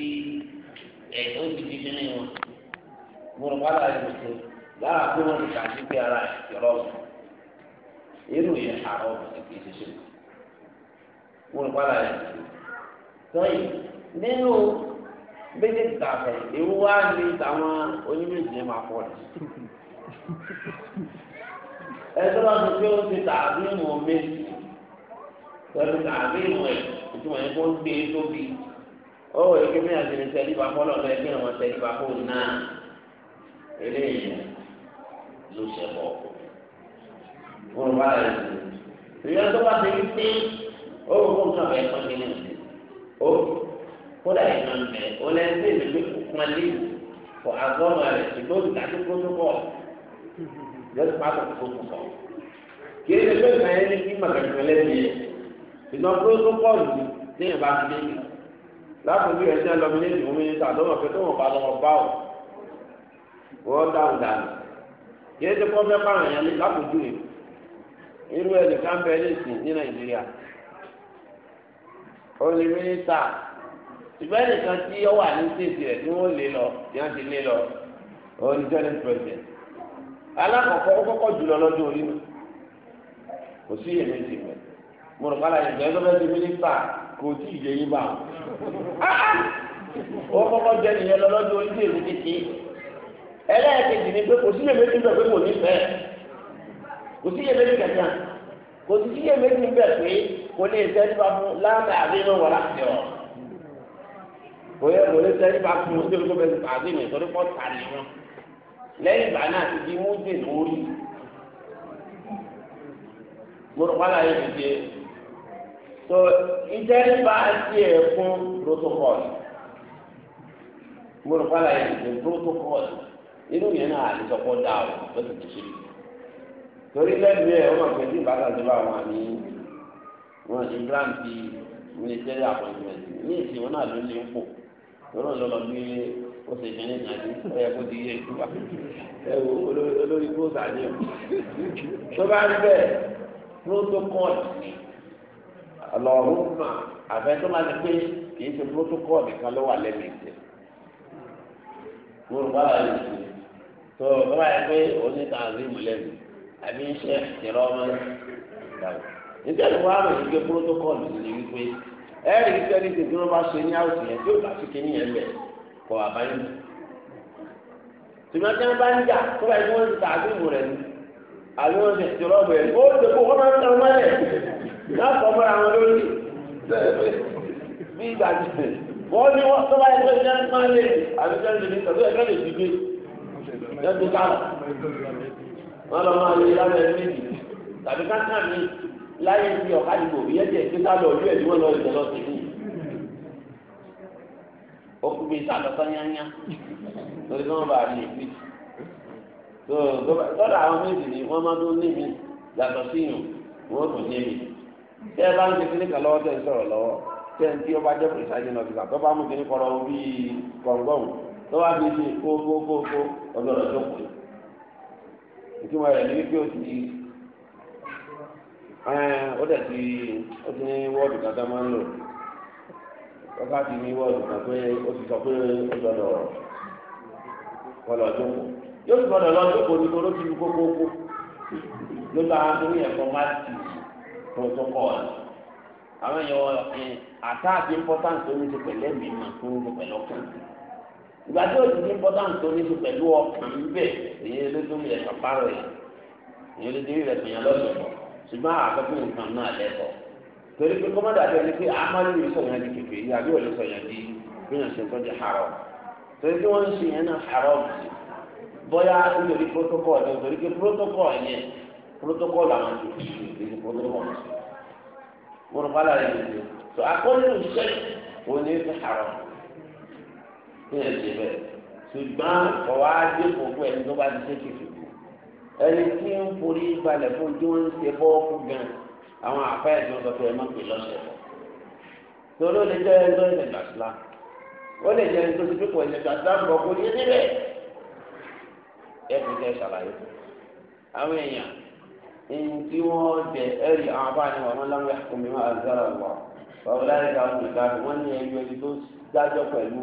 ẹ̀ ó ti di nínú wọn. gbọ́dọ̀ bá láyé lóṣù lára pé wọ́n ti kà sí pé ara ìrọ̀ irú yẹn àrọ̀ ọ̀gbìn kìí ṣe ṣe. gbọ́dọ̀ bá láyé lóṣù. sọ́yìn nínú méjèèjì tààfẹ́ ewu wá ní tàwọn onímọ̀jì yẹn máa pọ̀ ní. ẹ̀sọ́ bá ti pé ó ti tààbí mọ̀ méjì pẹ̀lú tàbí ìmọ̀ ẹ̀ ìtumọ̀ yẹn kó ń gbé e tóbi ó wọ eke mi àti ní sẹ́lí bá fọ́lọ́ lọ ẹgbẹ́ wọn sẹ́lí bá fọ́ náà eléyìí ló ṣe bọ̀ wọn bá rẹ̀ sí ìyá tó bá ti ń pín ó wọ fún kàwé ẹ̀kọ́ mi ní ìsìn ó kódà ìmọ̀ mẹ́ ó lẹ́yìn tí èmi gbé kúkan lé fọ àgọ́mọ rẹ̀ ṣùgbọ́n olùdájú kótópọ̀ yọtí pátó kótópọ̀ kí ẹni tó fẹ́ ẹni kí màkàtúwẹ́lẹ́ ìtọ́jú tó pọ̀ jù téèyàn bá ti débi látòjú ẹ̀ sẹ́ lọ́mí lébi omi níta tó mọ̀ pé tó mọ̀ bá lọ́wọ́ bá ọ̀ wọ́n dáhùn dànù yéé ti kọ́ fẹ́ pààrọ̀ yẹn látòjú rẹ̀ irú ẹ̀ nìkan bẹ́ẹ̀ lè sìn ní nàìjíríà ó lè mínísítà ṣùgbọ́n nìkan tí ó wà ní stéètì rẹ̀ tí wọ́n lè lọ tí wọ́n ti lé lọ ó ní senate president alákọ̀ọ́kọ́ kọ́kọ́ jùlọ lọ́jọ́ orí mi kò sí èmi ti mọ̀ mo rò pálá ìgbà ẹgbẹ́ bẹ́ẹ̀ di mínísítà kò tí ì yẹ yín bá o. wọ́n kọ́kọ́ jẹ́ nìyẹn lọ lọ́dún oríṣi èmi títí ẹlẹ́ẹ̀kejì ni pé kò sí lè méjì bẹ̀ pé kò ní fẹ́ kò sí lè méjì kẹta kò sí lè méjì bẹ̀ pé kò lè sẹ́ nípa fún láàmì àbínú wọ̀lá sí ọ. kò yẹ kò lè sẹ́ nípa fún ojú ìlú bẹ́ẹ̀ nípa àbínú pọ̀ tà lẹ́yìn so ìtẹ́ríba tiẹ̀ fún protocol mo rò pàlà yẹn protocol inú yẹn náà àdìsọ́kọ́ dà o lọ́sẹ̀ tó ṣe torí lẹ́nu yẹn wọ́n máa pèsè ìbátan tó bá wọn ní wọn bí military appointment ní ìsìn wọn náà ló ń pò lọ́nà bí ṣe kó yé ìtura ẹ wo olórí sàdé o tó bá ń bẹ̀ ọlọ́rùnmà àfẹ́ tó máa ti pé kì í ṣe protocol nìkan ló wà lẹ́nu ìjẹ́ wọ́n bá rẹ̀ ṣe tó tó bá yẹ pé oní tanzim lẹ́nu àbí ń ṣe ìrọ́ ọmọ ìdàgbọ́ nígbà tí wọ́n á rìn gbé protocol ní wípé ẹ̀rí ìfẹ́ ní ti tí wọ́n bá ṣe ní àwùjọ yẹn tí ò bá fi kíní yẹn lẹ̀ kọ́ àbáyé tìmọ̀ tí wọ́n bá ń jà tó bá yẹ kí wọ́n ti tanzim rẹ̀ ni àbí wọ́n ti ìrọ́ yẹn ó ti kó wọ́n máa ń tẹ̀ láti ọmọ àwọn lórí bí ìgbà jẹ wọ́n ní wọ́n tó bá yẹ pé jẹ́ máa lè àbí jẹ́ lè tọ́jú ẹ̀kẹ́ lè dìde jẹ́ tó ká wọ́n lọ máa lè lábẹ́ ẹ̀mí tàbí káńtà mi láyé ti ọ̀ká ìbò bí ẹ̀jẹ̀ ti sá lọ ojú ẹ̀ tí ní. ọkùnrin ìsàlọ́sán yányá lórí kí bá rí èpè tó tọ́lá àwọn méjì ni wọ́n máa tó ní mi yàtọ̀ wọ́n kò ní mi tẹ́ ẹ bá ń ṣe kíní kan lọ́wọ́ tẹ́ ń sọ̀rọ̀ lọ́wọ́ tẹ́ ń tí ó bá jẹ́ pèsè nọ́fíìsà tó bá mú kíní kọ́rọ́ bí gbọ̀ngbọ̀n tó bá fi ṣe kókókókó ọ̀dọ̀ rẹ̀ jókòó ìtumọ̀ rẹ̀ ní wípé ó ti ó dẹ̀ ti ó ti ní wọ́ọ̀dù kan tó máa ń lò wọ́n bá ti ní wọ́ọ̀dù kan pé ó ti sọ pé ó gbọ́dọ̀ kọlọ̀ jókòó yóò gbọ́dọ̀ lọ jókòó nítorí ó kókókó ló bá ń rí ẹ̀kọ́ máa ti protocol àwọn èèyàn àtàkì important tó ní ti pẹ̀lú ẹ̀mí mà tó ní ti pẹ̀lú ọkàn ìgbà tí òsì ní important tó ní ti pẹ̀lú ọkàn níbẹ̀ èyí ló tó ń lẹ̀ sọ̀párọ̀ yẹn èyí ló ti rí rẹ̀ pèyàn lọ́sọ̀tọ̀ ṣùgbọ́n àkọ́kọ́ nǹkan náà lẹ́tọ̀ torí pé kọ́mọ́dà bí ẹni pé amadu yìí sọ̀yàn di kìkì yìí àbí òní sọ̀yàn di fúnyàn ṣe tó di harọ torí pé wọ́n ń ṣe yẹn náà harọ bóyá nítorí protocol nítorí pé protocol yẹn protocol àwọn ti fi ṣe ní protocol wọn kọ́ lára yìí ṣe so akọ́nínú iṣẹ́ wọn ní ti àrọ̀ ní ẹ̀jẹ̀ bẹ́ẹ̀ ṣùgbọ́n ọ̀wá dé kókó ẹni tó bá ti ṣe kìkì ẹni tí ń forí balẹ̀ fún ojú ń ṣe bọ́ọ̀kú gan àwọn àfẹ́ ẹ̀dùn ọ̀dọ́fẹ́ ẹ̀ má pè lọ́sẹ̀ lọ torí ó lè jẹ́ ẹjọ́ ilẹ̀ gbàsílá ó lè jẹ́ ẹjọ́ tó ti pípọ̀ ilẹ̀ gbàsílá ń bọ̀ kó ní níbẹ̀ ẹ̀ fi kẹ́ ṣàlàyé àwọn èèyàn ntí wọ́n jẹ ẹ̀rí àwọn abáni wọn wọn láwọn ẹ̀kọ́ mi máa zara wọ̀ báwo láyé ká wọn nìkan mi wọ́n ní ẹ̀yọ ẹni tó dájọ́ pẹ̀lú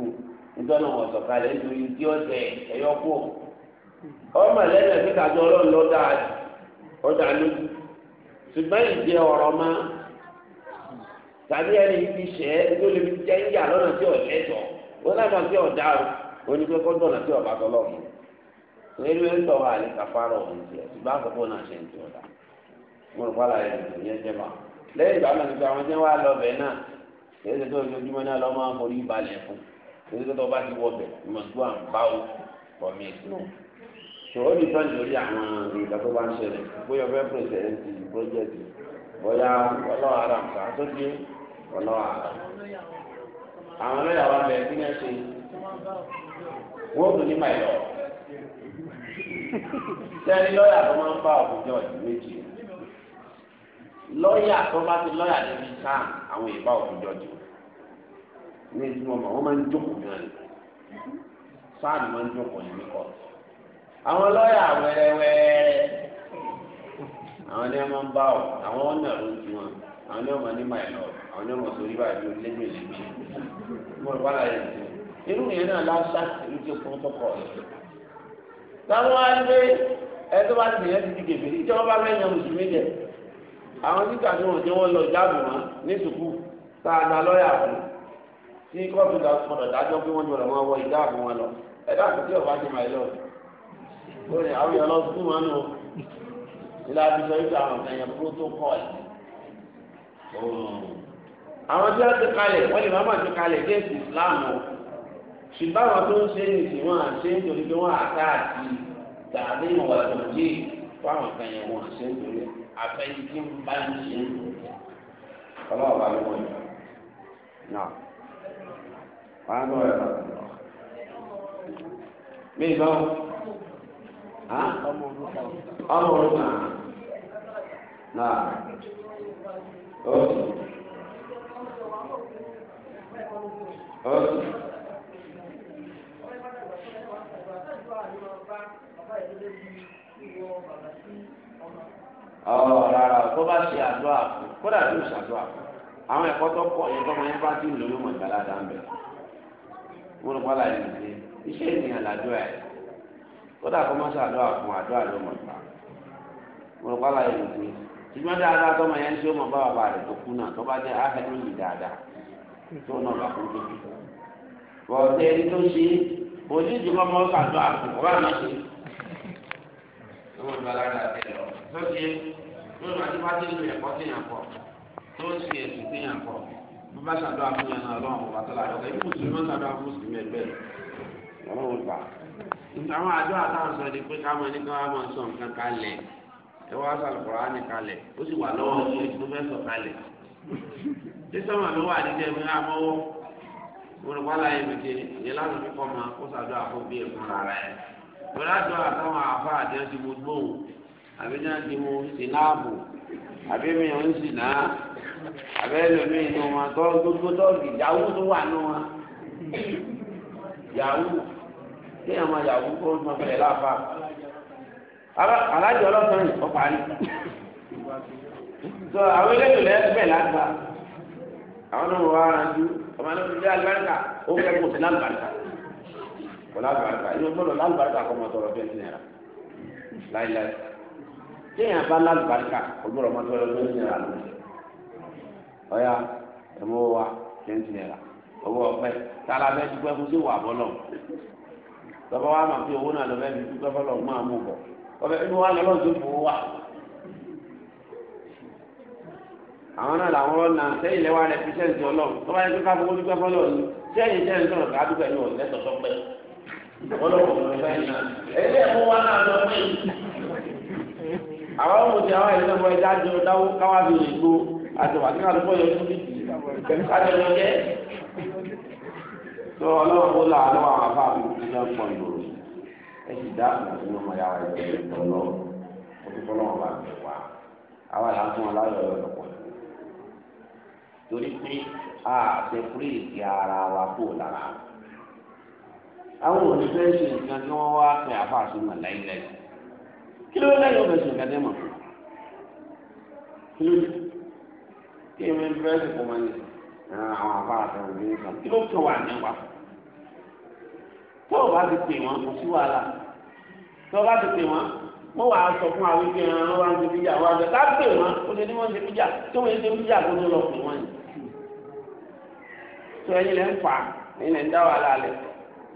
nítorí tí ó jẹ ẹ̀yọ kú ọmọ ẹlẹ́nu ẹ̀fí kájọ ọlọ́run lọ́dà ọjà lójú ń wọn dọ̀nà tí pẹ̀lú ẹ̀tọ́ wa ní kàfàrọ̀ ọ̀hún tiẹ̀ ṣùgbọ́n àkókò náà ṣe ń tí ọ̀dà mo rò pàlà rẹ̀ dùn yẹn jẹ́ máa lẹ́yìn ìgbà náà nípa àwọn tí wọ́n á lọ bẹ̀ náà kì í ṣe tó ojoojúmọ́ náà lọ́ máa ń forí balẹ̀ fún kì í ṣe tó bá ti wọ bẹ̀ ìmọ̀tò à ń bá o pọ̀ mí ìsúná ṣòro ní tọ́jú lórí àwọn ìgbà tó bá ń ṣẹlẹ̀ bóyá ọ̀fẹ́ pèsèǹtì pọ́jẹ́tì bóyá ọlọ́wọ́ ara nǹkan tó dé ọlọ́wọ́ ara àwọn lọ́yà wa bẹ̀ kí sẹ́ni lọ́ọ̀yà tó máa ń bá àwùjọ ọ̀dùn méjì lọ́ọ̀yà tó bá ti lọ́ọ̀yà níbi àwọn ìbá àwùjọ jù ní ìtumọ̀ wọ́n máa ń jókòó máa ń jókòó ní àwọn lọ́ọ̀yà wẹ́rẹ́wẹ́rẹ́ àwọn ni ń bá ọ, àwọn wọn nà ló ń ti wọn àwọn ni wọ́n máa ní lọ àwọn ni máa báyìí ló lé mo rò wá láyé irú táwọn wá ní pé ẹtọ́ bá ti yẹn ti di gèbè ìjọba bá fẹ́ yan mùsùlùmí jẹ àwọn títà tí wọ́n ti wọ́n lọ jáàbù wọn ní sùkú tá a gba lọ́ọ̀yà fún tí kóòtù dà fọdọ̀ dájọ́ pé wọ́n jọ̀rọ̀ wọn wọ ìjáàbù wọn lọ ẹ̀dá àti tí ọba ti máa lọ lórí àwọn èèyàn lọ sùkú wọn nù ilé abisọ yìí àwọn kan yẹn protocol àwọn tí wọ́n ti kalẹ̀ wọ́n lè má má ti kalẹ̀ kéèsì Islam o ṣùgbọ́n àwọn tó ń ṣe é nìsín wọn àṣẹ nítorí pé wọ́n àká àti tàbí ìwà ìdọ̀jì fáwọn kan yẹn wọn àṣẹ nítorí àfẹ́yí tí ń bá ń ṣe é ọlọ́wọ́ bá ló wọ̀nyí. náà wọ́n á lọ́wọ́ ẹ̀ mí lọ ọmọ orúkọ náà ọ̀sùn ọ̀sùn. ọ rárá tó bá ṣe àdúrà fún kódà tó ṣàdúrà fún àwọn ẹ̀kọ́ tó pọ̀ yẹn tó máa ń bá dín lórí mọ̀ ìgbàlá dá ń bẹ̀ wọ́n lọ́ pàlà yìí iṣẹ́ ènìyàn ẹ̀ kódà kó má mọ̀ ìgbà pàlà yìí dáadáa tó máa yẹn ó mọ̀ bá bàbá rẹ̀ tó kú náà tó bá jẹ́ yìí dáadáa tó náà ìwọ ìlú alága àti ẹ̀rọ tó ti lónìí àti bá délé ẹ̀kọ́ sí yàn pọ̀ tó ń ṣe ẹ̀sìn sí yàn pọ̀ bí bá ṣàdó àfúnyàn náà lọ́wọ́ ọ̀bà tó láyọ̀ ẹ̀kọ́ mùsùlùmí máa ń ṣàdó àfúnsùlùmí ẹgbẹ́ ọlọ́run gbà. àwọn àjọ àtàwọn sọ ni pé ká máa ní ká máa sọ nǹkan kalẹ̀ ẹ wá sàlùkọ́rọ̀ á kalẹ̀ ó sì wà lọ́wọ́ ní ètò fẹ́ sọ kalẹ̀. sísọ́mà ló wà nídìí ẹ̀mí amọ́wọ́ mo rò wá láyé mi ké ìyẹn láti fi kọ́ máa kó sàdó àfọ́ bí ẹ̀kún rárá ẹ̀ tọ́lájọ́ àtàwọn àfa àti àti mo gbóhùn àbí ní àti mo sì náà bò àbí mi ò ń sì náà àbẹ́ lómi inú wọn tọ́ gbogbo tọ́ọ̀gì ìyàwó tó wà nù wọn yàwó kéèyàn máa yàwó kó máa bẹ̀rẹ̀ láàfà alájọ ọlọ́sàn yìí ọ̀pá rí so àwọn eléyìí lẹ́yìn bẹ́ẹ̀ lágbá àwọn ọmọ wa rántí ọmọ alẹ́ òṣèlú alùbáríkà ó fẹ́ kó òṣèlú alùbáríkà. kò lálùbáríkà yóò gbọ́dọ̀ lálùbáríkà kọ́ ọmọ tọrọ twenty naira láíláí téèyàn bá lálùbáríkà kò gbọ́dọ̀ ọmọ tọrọ twenty naira lónìí ọ̀yà wa owó ọ̀pẹ bẹ́ẹ̀ fún sí wà bọ́lọ̀ wa máa fi owó náà máa mú bọ̀ inú wa tó fò wá. àwọn náà làwọn ọlọ́wọ́ ọmọ ẹgbẹ́ yìí náà ẹgbẹ́ ẹ̀kọ́ wa náà lọ pé àwọn ọmọ ti àwọn ìlànà wọn ẹja jọ dáwó káwá bí òyìnbó àtọwà tí káàdùn bọ́yọ̀ fún bíbí káàdùn lọ jẹ́ tó ọlọ́wọ́ kó là lọ́wọ́ àwọn afá mi ti náà pọ̀ ìgboro ẹ sì dá àwọn ọmọ ya wa ẹgbẹ́ ìtọ́ lọ mo ti fọlọ́wọ́ bá mi wá àwọn ìlànà fún wọn láyọ̀ lọ́pọ̀ torí pé a ṣe fúrí ìgbé ara wa kó lára wọn àwọn òṣìṣẹ́ ṣe nǹkan tí wọ́n wá pè àfáà sí mọ̀ láíláí kí ló lẹ́yìn ọ̀fẹ́ ṣe nǹkan tí mọ̀ kí ló kí èmi ń fẹ́ sìnkú máa ń yẹ àwọn àfáà àtàwọn òbí nìkan kí ló kàn wà nípa tó o bá ti pè wọ́n kò sí wàhálà tó o bá ti pè wọ́n mo wà á sọ fún wa wípé ẹran wa ń ṣe bíjà wa ká pè wọ́n ó ṣe ní wọ́n ṣe bíjà tó wọ́n ṣe bíjà kó tó lọ pè wọ́n yìí tó ẹni lẹ́ ń fà ẹni lẹ́ ń dá wàhálà lẹ́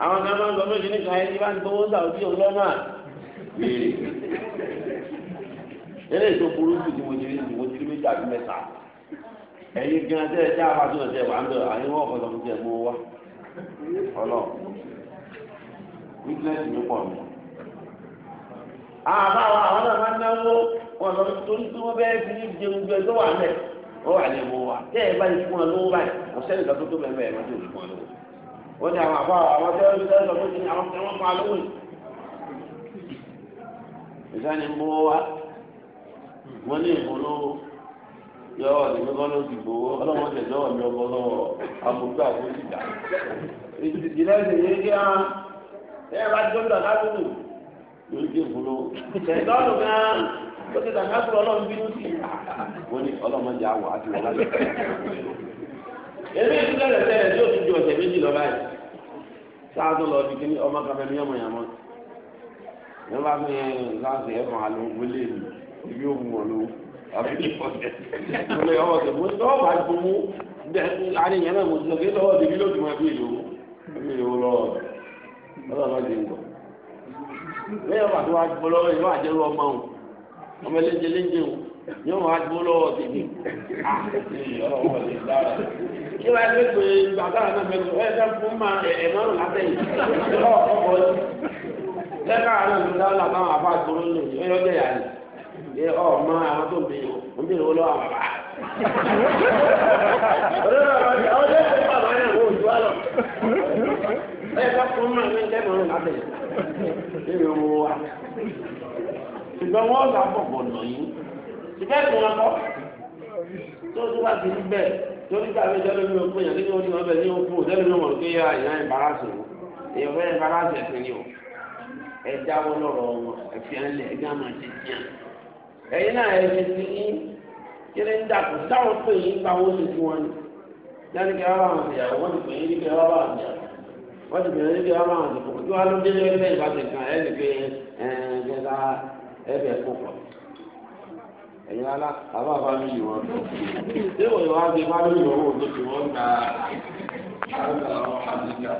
àwọn kan máa ń sọ lóṣù nípa ẹni bá ń gbowó sàwùjí ọlọ́nà wèrè eléyìí tó burú jù ni mo ti rí ni mo ti rí méjì àbí mẹ́ta ẹ̀yin gan tẹ́ ẹ já wa tó ọ̀tẹ̀ wà ń bẹ̀rẹ̀ àyè wọ́n ọ̀pọ̀lọpọ̀ fún tiẹ̀ mú wa ọlọ́ wíkínẹ́sì mi pọ̀ mi. àbáwọ̀ àwọn náà máa ń náwó wọn lọ torí tí wọ́n bẹ́ẹ̀ fi jẹun jẹ tó wà lẹ̀ ó wà lẹ̀ mú wa tẹ́ ẹ bá yẹ fún ọ lówó báyìí kò sẹ́ni ó ní àwọn àbá àwọn tẹ́ ọ́n tẹ́ ọ́n tẹ́ àwọn tẹ́ wọ́n pa lówó yìí. ìsáni mú wa wọ́n ní ìpolówó yọ ọ̀dẹ̀gbẹ́gbọ́n ló ti lọ́wọ́ àbùkù ìdìdì kí ẹ bá tó ń ó ti dàgbà ọlọ́run bínú sí i. ní ọlọ́mọdé àwọ̀ àti sáájú lọ di kíní ọmọ kan fẹmi ọmọ yàmọ ní wọn bá fi yẹn láti ẹfọn àlọ wọlé mi ibi òun wọn ló àfi ní ìfọsẹ wọlé ọmọ tó mo tọ́ bá gbowó bẹ́ẹ̀ àní yẹn náà mo ti sọ pé lọ́wọ́ débi ló ti mọ ẹbí ìlú ẹbí ìlú lọ́wọ́ ọlọ́run ọdún ń bọ̀ lẹ́yìn ọba tó wá gbọ́ lọ́wọ́ ìlú àjẹrú ọmọ òun ọmọ ẹlẹ́jẹ lẹ́jẹ òun yóò wá gbó lọ́wọ́ tèmi yóò wá gbé pé bàbá náà mẹ́rin ẹ̀ ẹ̀ fún ma ẹ̀ márùn látẹ̀yìn lọ́wọ́ ọkọ̀ yìí lẹ́ka àárọ̀ ní dáhùn àtàwọn àbá àgbọ̀rọ̀ lò ní ọyọ́ jẹ̀yà ni ẹ ọ ma àwọn tó ń bẹ yìí ń bẹ wọlé àwọn bàbá. ọdún ẹ̀ fún bàbá náà wọ́n ju àlọ́ ẹ̀ ká fún mi ní ẹ̀ mọ̀rún látẹ̀yìn ẹ̀ mi wọ́n wá ṣùgbọ́n wọ́n gbà bọ̀ bọ̀ nà yìí ìbẹ́ tó wọn kọ́ tó tó bá ti rí bẹ́ẹ̀ torí ká ló jẹ́ lómi òkú yẹn nínú onímọ̀ bẹ́ẹ̀ ní òkú òtẹ́lẹ̀ ló mọ̀ pé yà ìyá ìbárasì o èèyàn fẹ́ ìbárasì ẹ̀sìn ni o ẹ jáwọ́ lọ́rọ̀ wọn ẹ̀fí ẹ̀lẹ̀ ẹ̀gá máa ti tiẹ̀ ẹ̀yin náà ẹ̀ ti ti ní kíni ń dàkú táwọn pè yín gba owó ti fún wọn ni lẹ́nu kí wọ́n bá wọn ṣèyàwó wọ́n ti pè yín ní kí wọ́n bá wọn ṣèyàwó wọ́n ti pè yín ní kí bá wọn ṣèyàwó kí ẹ̀yin ala àbá bá mi yìí wọ́n tó kí ẹ̀yin wọ́n ti bá mi yọ̀ wọ́n tó kí wọ́n ta àwọn àdìgá.